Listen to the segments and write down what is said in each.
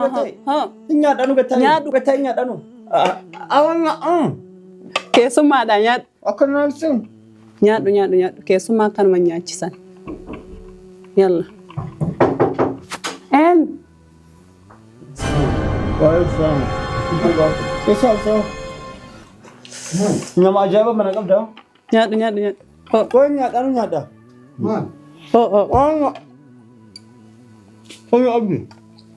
nyat gatta'e nyaadhanu nyat keessummaadha nyat akkanaalsin nyat, nyaadhu nyaadhu keessummaa akkanuma nyaachisan yalla en nyat nyat nyat, qabda nyaadhu nyat nyaadhu nyat nyaadhanu nyaadha oo oo oo abdi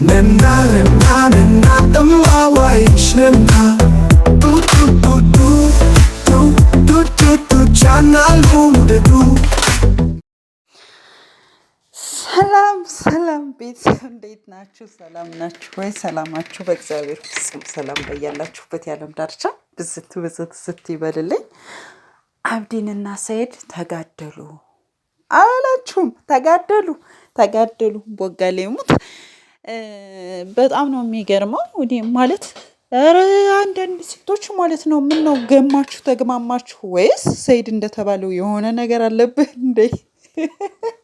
ሰላም ሰላም ቤተሰብ እንዴት ናችሁ? ሰላም ናችሁ ወይ? ሰላማችሁ በእግዚአብሔር ፍጹም ሰላም በያላችሁበት የዓለም ዳርቻ ብዝት ብዝት ስት ይበልልኝ። አብዲንና ሰኢድ ተጋደሉ አላችሁም? ተጋደሉ ተጋደሉ ቦጋሌ ሙት በጣም ነው የሚገርመው። እኔ ማለት ኧረ አንዳንድ ሴቶች ማለት ነው ምን ነው ገማችሁ ተግማማችሁ ወይስ ሰይድ እንደተባለው የሆነ ነገር አለብህ እንዴ?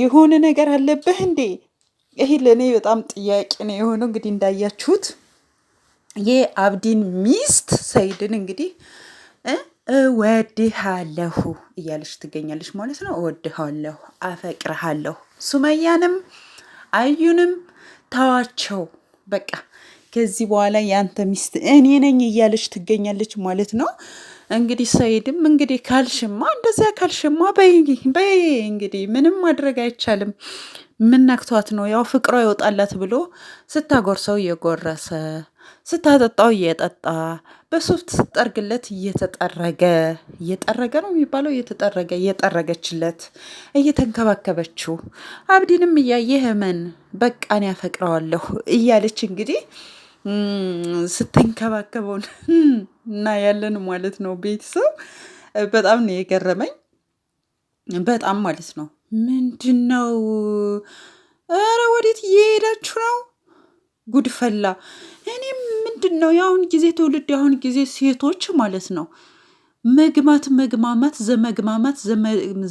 የሆነ ነገር አለብህ እንዴ? ይሄ ለእኔ በጣም ጥያቄ ነው የሆነው። እንግዲህ እንዳያችሁት የአብዲን ሚስት ሰይድን እንግዲህ እወድሃለሁ እያለች ትገኛለች ማለት ነው። እወድሃለሁ፣ አፈቅርሃለሁ ሱመያንም አዩንም ተዋቸው በቃ ከዚህ በኋላ የአንተ ሚስት እኔ ነኝ እያለች ትገኛለች ማለት ነው። እንግዲህ ሰኢድም እንግዲህ ካልሽማ እንደዚያ ካልሽማ በይ በይ እንግዲህ ምንም ማድረግ አይቻልም። ምናክቷት ነው ያው ፍቅሯ ይወጣላት ብሎ ስታጎርሰው እየጎረሰ ስታጠጣው እየጠጣ በሶፍት ስጠርግለት እየተጠረገ እየጠረገ ነው የሚባለው እየተጠረገ እየጠረገችለት እየተንከባከበችው አብዲንም እያየ ህመን በቃን ያፈቅረዋለሁ እያለች እንግዲህ ስትንከባከበውን እና ማለት ነው ቤተሰብ በጣም ነው የገረመኝ። በጣም ማለት ነው ምንድን ነው? ኧረ ወዴት እየሄዳችሁ ነው? ጉድፈላ እኔም ምንድን ነው የአሁን ጊዜ ትውልድ የአሁን ጊዜ ሴቶች ማለት ነው መግማት መግማማት ዘመግማማት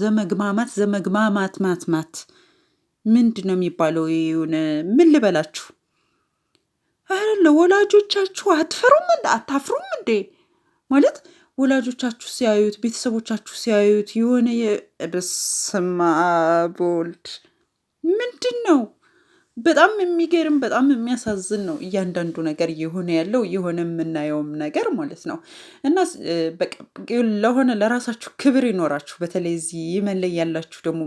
ዘመግማማት ዘመግማማት ማትማት ምንድን ነው የሚባለው? የሆነ ምን ልበላችሁ አለ ወላጆቻችሁ አትፈሩም እንደ አታፍሩም እንዴ ማለት ወላጆቻችሁ ሲያዩት ቤተሰቦቻችሁ ሲያዩት የሆነ የበስማ ቦልድ ምንድን ነው በጣም የሚገርም በጣም የሚያሳዝን ነው እያንዳንዱ ነገር እየሆነ ያለው የሆነ የምናየውም ነገር ማለት ነው። እና ለሆነ ለራሳችሁ ክብር ይኖራችሁ። በተለይ እዚህ የመን ላይ ያላችሁ ደግሞ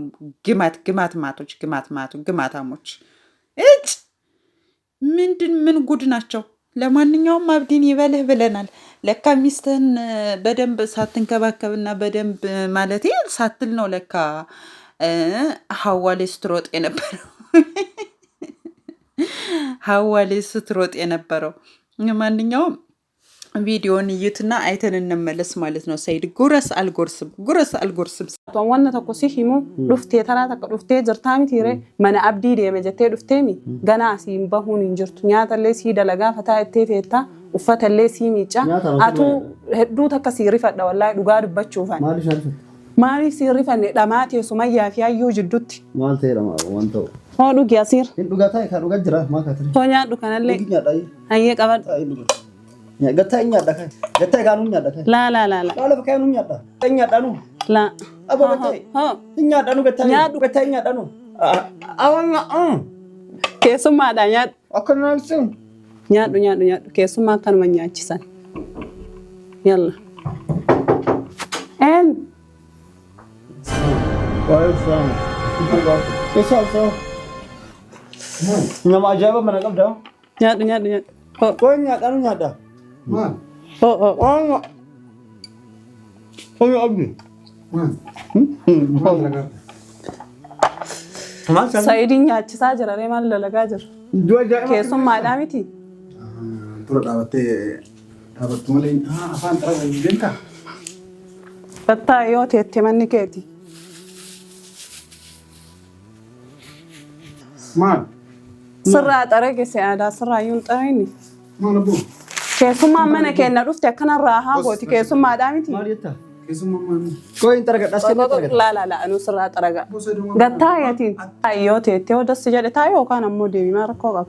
ግማት ግማት ማቶች ግማት ማቶ ግማታሞች እጭ ምንድን ምን ጉድ ናቸው። ለማንኛውም አብዲን ይበልህ ብለናል። ለካ ሚስትህን በደንብ ሳትንከባከብና በደንብ ማለት ሳትል ነው ለካ ሀዋ ላይ ስትሮጥ የነበረው። ሀዋሌ ስትሮጥ የነበረው። ማንኛውም ቪዲዮን እዩትና አይተን እንመለስ ማለት ነው። ሰይድ ጉረስ አልጎርስም ጉረስ አልጎርስም ዋነ ተኮ ሂሙ ዱፍቴ ተራ ተቀ ዱፍቴ ጅርታሚት ይሬ መነ አብዲ ደመ ጀቴ ዱፍቴሚ ገና ሲ በሁን እንጅርቱ ኛተሌ ሲ ደለጋ ፈታ እቴ ፌታ ኡፈተሌ ሲ ሚጫ አቱ ሄዱ ተከ ሲ ሪፈደ ወላ ዱጋ ዱበቹፋን ማሊፍ ሲሪፈኔ ደማቴ ሱመያ ፊያዩ ጅዱቲ ማልቴ ወንተው hodhuki asir. Hin dhugataa kan dhugaa jira maa kaatire. Too nyaadhu kanallee. Dhugi nyaadha. Hayyee qabadhu. Gataa hin nyaadha kan. Gataa kaanu hin nyaadha kan. Laa laa laa laa. Kalau fakkaatu hin nyaadha. Hin nyaadha nu. Laa. Abo gataa. Hin nyaadha nu gataa. Nyaadhu gataa hin nyaadha nu. Awwan keessummaadha nyaadhu. Akka nyaadhu. Nyaadhu nyaadhu nyaadhu keessummaa akkanuma nyaachisan. Yalla. En. Waaye saama. Keessaa saama. Nama aja apa mana kau dah? Nyat nyat nyat. Oh, kau nyat anu nyat dah. Mana? Oh oh oh nyat. Kau nyat abdi. Mana? Hmm. Saya di nyat cisa aja lah, mana lagi aja. Dua jam. Kesum malam itu. Turut awat eh, awat tu malin. Ah, apa antara jenka? Betul, yo tete mana keti. Mana? Sirraa xara geesse aadaa sirraayyuun xara inni. Keessummaan mana keenya dhufte akkanarraa haa gooti keessummaadhaa miti. Qoyin xaraga dhaskannaa xaraga. Laala laanu sirraa xaraga. Gattaa yootiin yoo teettee odassi jedhe taa yookaan ammoo deebimaa rakkoo qaba.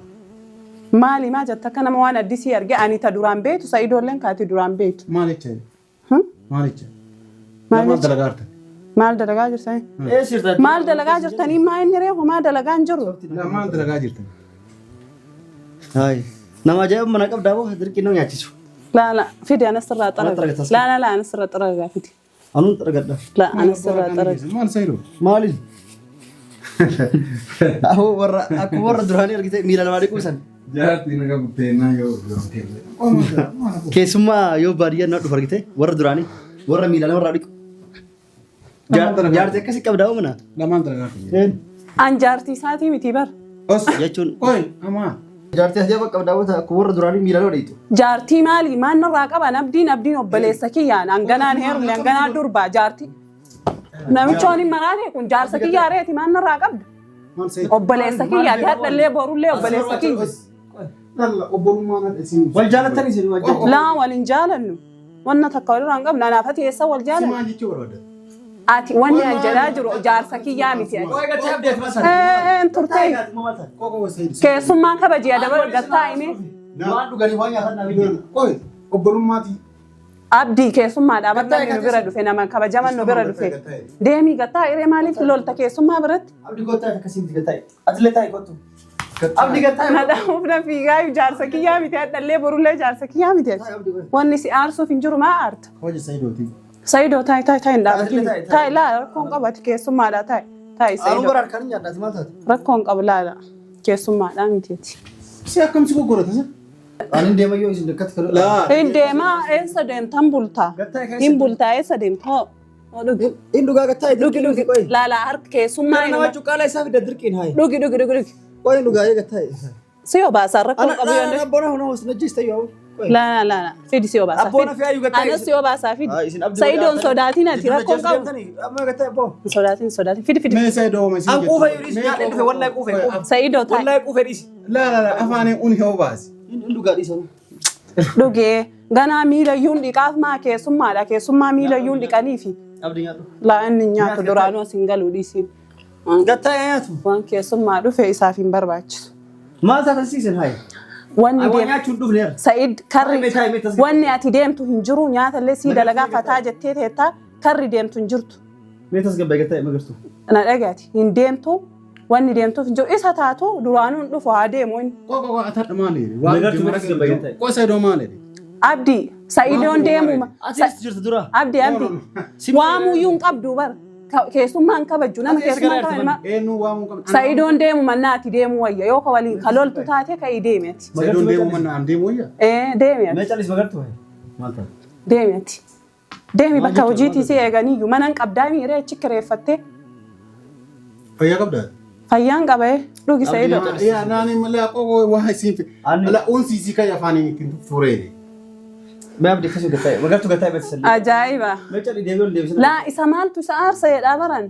Maali maa jetta akka nama waan addisii arge ani ta duraan beektu sa ijoolleen kaati duraan beektu. Maalicha? Maalicha? Maal dalagaarta? Maal dalagaa jirtani? Maal dalagaa jirtanii maa inni reefu maa dalagaa hin jiru? Maal dalagaa jirtani? Nama ajaa'iba mana qabdaa boo dirqii nama nyaachisu. Laa fidi anas irraa xaraga. Laa laa laa anas irraa xaraga fidi. Anuun xaragadha. Laa anas irraa xaraga. Maal sayiru? Maaliin? Aho warra akkuma warra duraanii argite miila namaa dhiquu san. Keessummaa yoo baadiyyaa nama dhufu argite warra duraanii warra miila namarraa dhiqu. Jaartii akkasii qabdaa mana? Lamaan xaragaa. An jaartii isaatii miti bar. Jechuun. Qoy amaa. Jaartii maali? Maan irraa qaba? Nabdiin abdiin obboleessa kiyyaan hanganaan heeru hanganaan durba jaartii. Namichi honin maraate kun jaarsa kiyyaa reeti maan irraa qabda? Obboleessa kiyyaa gadhallee borullee obboleessa kiyya. Wal jaalattanii isin wajjin? Laa wal hin jaalannu. Wanna takka walirraa hin qabne anaafa teessa wal jaalannu. ati wanni an jedhaa jiru jaarsa kiyyaa miti turte keessummaan kabajii adaba gattaa hime obbolummaati abdii keessummaa dhaabatan nu bira dhufe nama kabajaman nu bira dhufe deemii gattaa iree maaliif lolta keessummaa biratti abdii gottaa akkasitti gattaa atilee taa'e gottu Nadhamuuf na fiigaa jaarsa kiyyaa miti adhallee borullee jaarsa kiyyaa miti wanni si aarsuuf hin jiru maa aarta. Sayyidoo taayi taayi taayi laala taayi laala rakkoon qaba ati keessummaadha taayi taayi Sayyidoo. Rakkoon qaba laala keessummaadha mitiiti. Si akkamsi goggoratasa? Ani deema yoo isin dekkatti kalu. Hin deema eessa deemtan bultaa? Hin bultaa eessa deemtaa? Hin dhugaa gattaa dhugi dhugi qoyi. Laala harka keessummaa. Nama cuqqaala isaa fidda dirqiin haayi. Dhugi dhugi dhugi dhugi. Qoyi dhugaa eegattaa. Si yoo baasaa rakkoon qabu yoo. Ana bona hona hosna jees ta'ee yoo. La, la, la. Fidi si obaasaa. Abboon ofii hayyuu gattaa. Anas si obaasaa fidi. Saayidoon sodaatiin ati rakkoon qabu. Sodaatiin sodaatiin fidi fidi. Mee saayidoo ooma isin jettu. An quufee dhiisi nyaadhee dhufe wallahi quufee. Saayidoo taa'e. Wallahi quufee dhiisi. La la la afaanii uni hin obaasi. Dhugaa dhiisanii. Dhugee ganaa miilayyuun dhiqaaf maa keessummaadha keessummaa miilayyuun dhiqaniifi. Abdii nyaatu. La inni nyaatu duraanuu asin galuu dhiisiin. Gattaa nyaatu. Waan keessummaa dhufe isaaf hin barbaachisu. Maal taasisiisin hayi? Sa'iid wanni ati deemtu hin jiru nyaata sii dalagaa fataa jettee teettaa karri deemtu hin jirtu. Na dhagaati hin deemtu wanni deemtuuf hin jiru isa taatu duraanuun dhufu haa deemu inni. Abdi Sa'iidoon deemuma. Abdi abdi waamuyyuu hin qabdu bara. keessummaan kabaju nama keessummaan kabajju. Sa'idoon deemu mannaati deemu wayya yoo ka waliin ka loltu taate ka deemeti. Sa'idoon deemu mannaan deemu wayya? Ee Deemeeti. Mee callis bagartu wayya? Deemeti. Deemi bakka hojiitii si eeganii iyyuu manaan qabdaa miiree achi kireeffatte. Fayyaa qabdaa? Fayyaan qabee dhugi Sa'idoo. Naannoo malee akkoo waa isiin fi la'uun siisii kan afaaniin ittiin turee. ajaa'iba laa isa maaltu isa aarsayeedha baran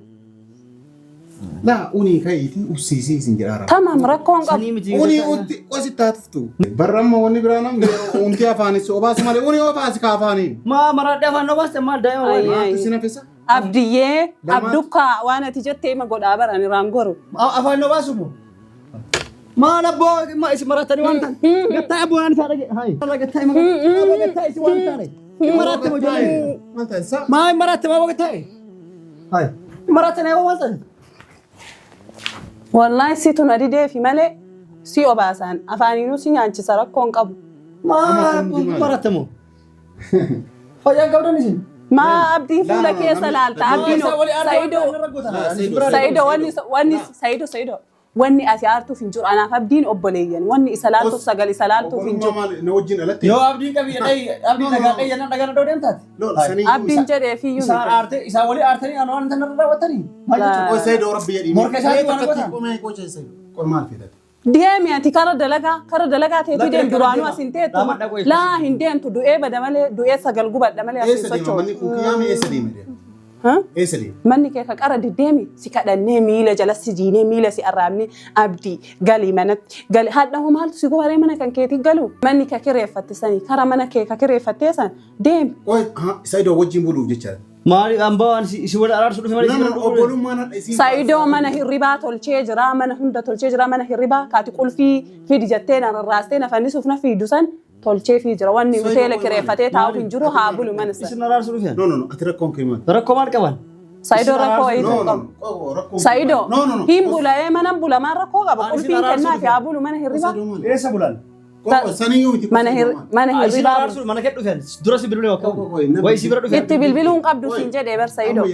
laa unii ka'iiti ubsiisii isin jedhaara tamam rakkoon qabu unii utti osi taatuftu barramma wanni biraa namni unti afaanissi obaasi malee unii obaasi ka afaaniin maa maradhi afaan obaasi maal daa'ima wani sinafisa abdiyyee abdukka waan ati jettee ima godhaa barani raangoru afaan obaasu mu Mana boy ma isi maratani wantan. Gattai abu an fara hai. Fara gattai ma. Abu gattai isi wantan. Maratti mo jai. Wantan sa. Ma maratti ma gattai. Hai. Maratti na wantan. Wallahi situn adide fi male si obaasan afaaninu si nyaachisa rakkoon qabu. Ma maratti mo. Fayyaa qabdan isin. Ma abdiin fuula keessa laalta abdiin sayido sayido wanni sayido sayido. wanni asii aartuuf hin jiru anaaf abdiin obboleeyyan wanni isa laaltuuf sagal isa laaltuuf hin jiru. Yoo abdiin abdiin nagaa qayyee nan dhagaa dhadhoo deemtaati. Abdiin jedhee fi fiyyuu. Isaan aarte isaan walii aartanii anoo waan tanarra raawwatanii. Morka isaanii waan godhan. Qormaal fidate. Deemi ati kara dalagaa kara dalagaa teetii deemu duraanuu asiin hin teettu laa hin deemtu du'ee bada malee du'ee sagal gubadha malee asiin socho'u. manni kee ka qara deddeemi si kadhannee miila jala si jiinee miila si arraabni abdii galii manatti galii haadha homaaltu si gubaree mana kan keetii galu manni kee kireeffatte sanii kara mana kee ka kireeffattee san deemi. Saayidoo wajjin buluuf jecha. Maali ambawaan si wal araarsu dhufe malee nama obbolummaan hadha isii. Saayidoo mana hirribaa tolchee jira mana hunda tolchee jira mana hirribaa kaati qulfii fidi jettee na rarraastee na fannisuuf na fiidu san tolchee fi jira wanni muteela kireeffatee taa'u hin jiru haa bulu mana sana. Isin araarsu dhufee? No, no, no, ati rakkoon keenya maal? Rakkoo maal qaban? Saayidoo rakkoo wayiitu qabu. Saayidoo hin bula'ee mana bula maan rakkoo qaba qulfii kennaa fi haa bulu mana hirriba. Eessa bulan? mana hirribaa'itti bilbiluu hin qabdu siin jedhee barsaayidoo.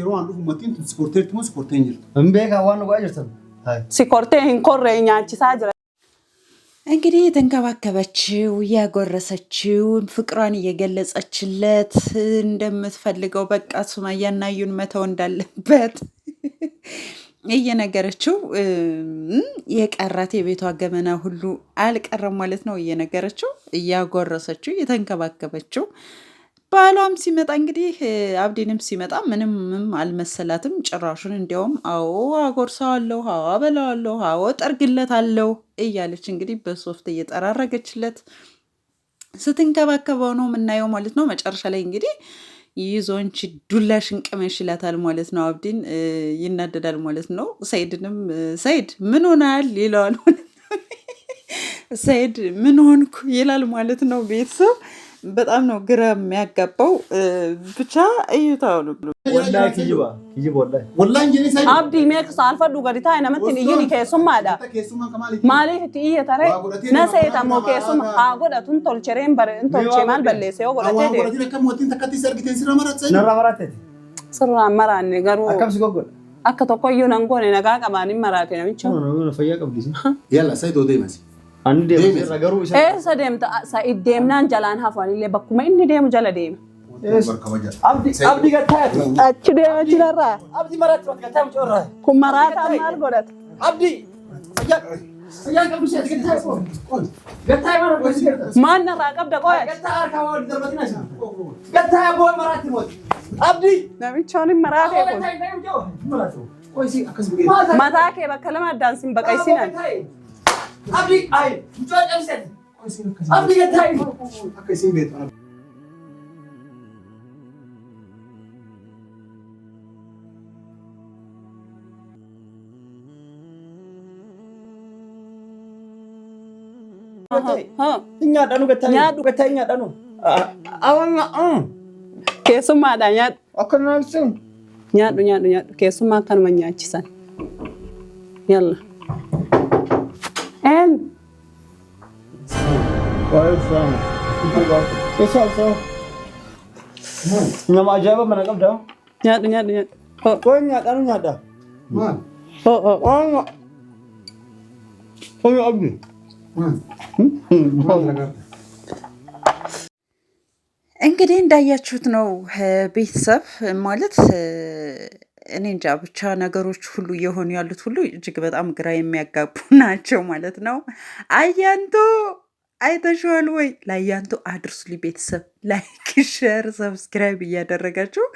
Si kortee hin korree nyaachisaa jira. እንግዲህ የተንከባከበችው እያጎረሰችው ፍቅሯን እየገለጸችለት እንደምትፈልገው በቃ ሱማያና እዩን መተው እንዳለበት እየነገረችው የቀራት የቤቷ ገመና ሁሉ አልቀረም ማለት ነው። እየነገረችው እያጎረሰችው እየተንከባከበችው ባሏም ሲመጣ እንግዲህ አብዴንም ሲመጣ ምንምም አልመሰላትም ጭራሹን። እንዲያውም አዎ አጎርሰዋለሁ፣ አዎ አበላዋለሁ፣ አዎ ጠርግለታለሁ እያለች እንግዲህ በሶፍት እየጠራረገችለት ስትንከባከበው ነው የምናየው ማለት ነው። መጨረሻ ላይ እንግዲህ ይዞንች ዱላ ሽንቅመሽ ይላታል ማለት ነው። አብዲን ይናደዳል ማለት ነው። ሰይድንም ሰይድ ምን ሆናል ይለዋል ሰይድ ምን ሆንኩ ይላል ማለት ነው ቤተሰብ በጣም ነው ግራ የሚያጋባው። ብቻ እዩታው ነው ገዲታ አይነምትን እዩን ከሱማ ማሌት እየተረ ነሰየተሞ ከሱም ቶልቸሬን በር ማል በሌሴ ጎደቴ ስራ ነንጎኔ ነጋ መራቴ ነምቸው Eessa deemta? Sa'id deemnaan jalaan hafan illee bakkuma inni deemu jala deema. Abdi gattaati. Achi deema jirarraa. Abdi maraatti bakka gattaati jirarraa. Kun maraata maal godhata? Abdi. Maan narraa qabda qo'aati. Abdi. Namichoonin maraatee kun. Mataa kee bakka lama addaan sin baqaysinan. Abdi, ay, George Amset. Abdi ya tayi. Akai sai Yalla. and it's also nama ajaiba mana qabda nyaadhu nyaadhu nyaadhu waan nyaadhaanu nyaadha waan Oyo abdi. እንግዲህ እንዳያችሁት ነው ቤተሰብ ማለት እኔ እንጃ ብቻ ነገሮች ሁሉ እየሆኑ ያሉት ሁሉ እጅግ በጣም ግራ የሚያጋቡ ናቸው ማለት ነው። አያንቱ አይተሸዋል ወይ? ለአያንቱ አድርሱልኝ ቤተሰብ፣ ላይክ፣ ሸር፣ ሰብስክራይብ እያደረጋችሁ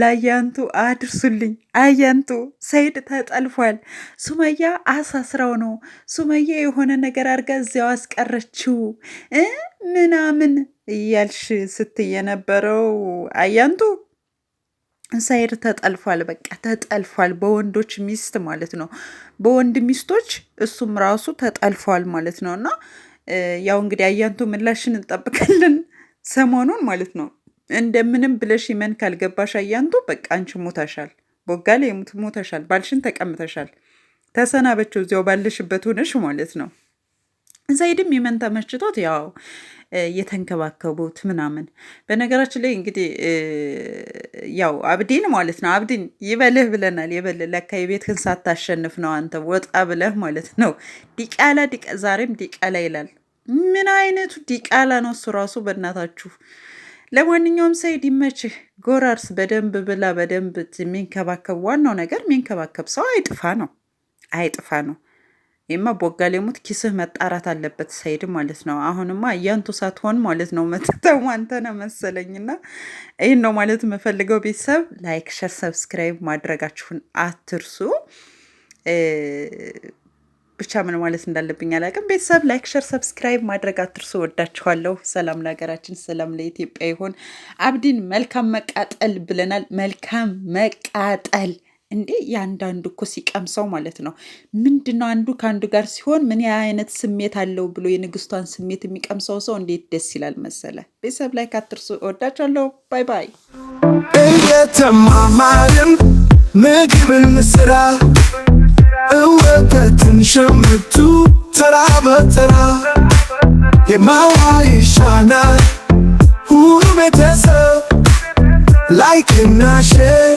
ለአያንቱ አድርሱልኝ። አያንቱ ሰይድ ተጠልፏል። ሱመያ ስራው ነው። ሱመያ የሆነ ነገር አድርጋ እዚያው አስቀረችው ምናምን እያልሽ ስትየነበረው አያንቱ እንሳይድ ተጠልፏል። በቃ ተጠልፏል፣ በወንዶች ሚስት ማለት ነው። በወንድ ሚስቶች እሱም ራሱ ተጠልፏል ማለት ነው። እና ያው እንግዲህ አያንቱ ምላሽን እንጠብቃለን ሰሞኑን ማለት ነው። እንደምንም ብለሽ ይመን ካልገባሽ አያንቱ በቃ አንቺ ሞተሻል፣ ቦጋሌ ሞተሻል፣ ባልሽን ተቀምተሻል፣ ተሰናበችው እዚያው ባለሽበት ሆነሽ ማለት ነው። ሰኢድም ይመን ተመችቶት ያው የተንከባከቡት ምናምን። በነገራችን ላይ እንግዲህ ያው አብዲን ማለት ነው አብዲን ይበልህ ብለናል። ይበልህ ለካ የቤትህን ሳታሸንፍ ነው አንተ ወጣ ብለህ ማለት ነው። ዲቃላ ዲቃ ዛሬም ዲቃላ ይላል። ምን አይነቱ ዲቃላ ነው እሱ ራሱ በእናታችሁ። ለማንኛውም ሰይድ ይመችህ፣ ጎራርስ በደንብ ብላ፣ በደንብ የሚንከባከብ ዋናው ነገር የሚንከባከብ ሰው አይጥፋ ነው አይጥፋ ነው። ይማ ቦጋሌ ሙት ኪስህ መጣራት አለበት ሳይድ ማለት ነው። አሁንማ እያንቱ ሳትሆን ማለት ነው መጥተው አንተነ መሰለኝና ይህን ነው ማለት የምፈልገው። ቤተሰብ ላይክ፣ ሸር፣ ሰብስክራይብ ማድረጋችሁን አትርሱ። ብቻ ምን ማለት እንዳለብኝ አላውቅም። ቤተሰብ ላይክ፣ ሸር፣ ሰብስክራይብ ማድረግ አትርሱ። ወዳችኋለሁ። ሰላም ለሀገራችን፣ ሰላም ለኢትዮጵያ ይሆን። አብዲን መልካም መቃጠል ብለናል። መልካም መቃጠል እንዴ የአንዳንዱ እኮ ሲቀምሰው ማለት ነው ምንድነው አንዱ ከአንዱ ጋር ሲሆን ምን አይነት ስሜት አለው ብሎ የንግስቷን ስሜት የሚቀምሰው ሰው እንዴት ደስ ይላል መሰለ። ቤተሰብ ላይ ካትርሱ። እወዳችኋለሁ። ባይ ባይ። እየተማማርን ምግብን ስራ እወተትን ሸምቱ ተራ በተራ የማዋ ይሻናል ሁሉ ቤተሰብ ላይክና ሼር